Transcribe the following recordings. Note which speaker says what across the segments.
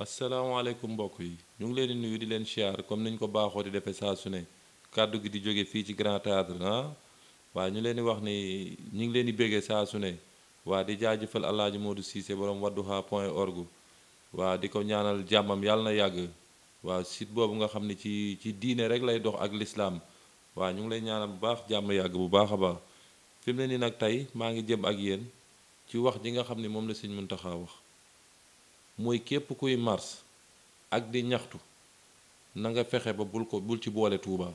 Speaker 1: asalaamaaleykum mbokk yi ñu ngi leen di nuyu di leen siyaar comme niñ ko baaxoo di defee saa su ne kàddu gi di jóge fii ci grand théâtre ah. waa ñu leen di wax ni ñu ngi leen di béggee saa su ne waa di jaajëfal alaaji Modou Cissé borom wadduha point org waa di ko ñaanal jàmmam yàlla na yàgg waa site boobu nga xam ni ci ci diine rek lay dox ak lislaam waa ñu ngi lay ñaanal bu baax jàmm yàgg bu baax a baax fi ne nii nag tey maa ngi jëm ak yéen ci wax ji nga xam ni moom la sëñ Muntaxa wax mooy képp kuy mars ak di ñaxtu na nga fexe ba bul ko bul ci boole Tuuba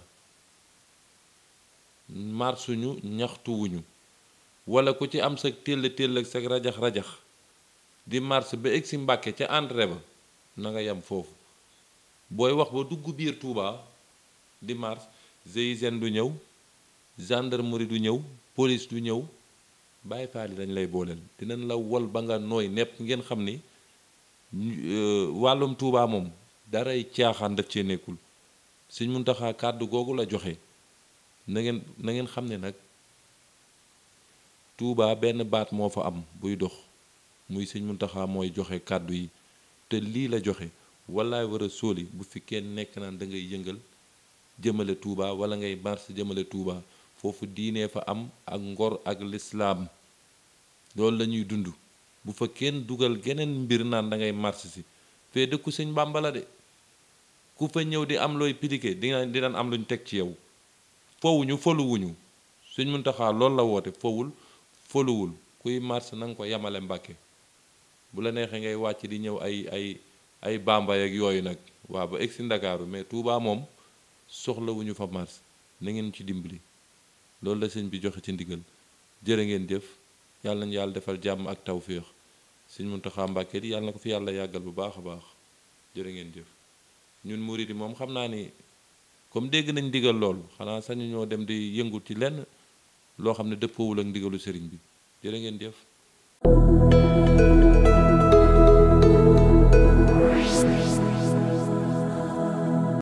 Speaker 1: marsuñu ñaxtuwuñu wala ku ci am sa téll téll ak sa rajax-rajax di mars ba egsi Mbàkke ca entrée ba nanga nga yem foofu booy wax ba dugg biir Tuuba di mars GIGN du ñëw gendarmerie du ñëw police du ñëw bàyyi faal yi dañ lay booleel dinañ la wol ba nga nooy nepp ngeen xam ni euh, wàllum Tuubaa moom daray caaxaan daf cee nekkul Sëñ Muntaxa kàddu googu la joxe na nangeen xam ne nag Tuubaa benn baat moo fa am buy dox muy Sëñ Muntaxa mooy joxe kàddu yi te lii la joxe wallaay war a sóoli bu fi kenn nekk naan da ngay yëngal jëmale Tuubaa wala ngay mars jëmale Tuubaa foofu diinee fa am ak ngor ak lislaam loolu lañuy dund bu fa kenn dugal geneen mbir naan da ngay marché si fee dëkku sëñ Bàmba la de ku fa ñëw di am looy piliqué dina dinañ am luñ teg ci yow fowuñu foluwuñu sëñ Muntaxa loolu la woote fowul foluwul kuy marché na ko yamale Mbàkke bu la neexee ngay wàcc di ñëw ay ay ay bambay yooyu nag waa ba egg si Ndakaaru mais Tuubaa moom soxlawuñu fa mars na ngeen ci dimbali loolu la sëñ bi joxe ci ndigal jërë ngeen jëf yàlla nañu yàlla defal jàmm ak tawféex sëñ Muntaxa Mbàkke yàlla na ko fi yàlla yàggal bu baax a baax jërë ngeen jëf ñun murid yi moom xam naa ni comme dégg nañ ndigal loolu xanaa sañu ñoo dem di yëngu ci lenn loo xam ne dëppoowul ak ndigalu sëriñ bi jërë ngeen jëf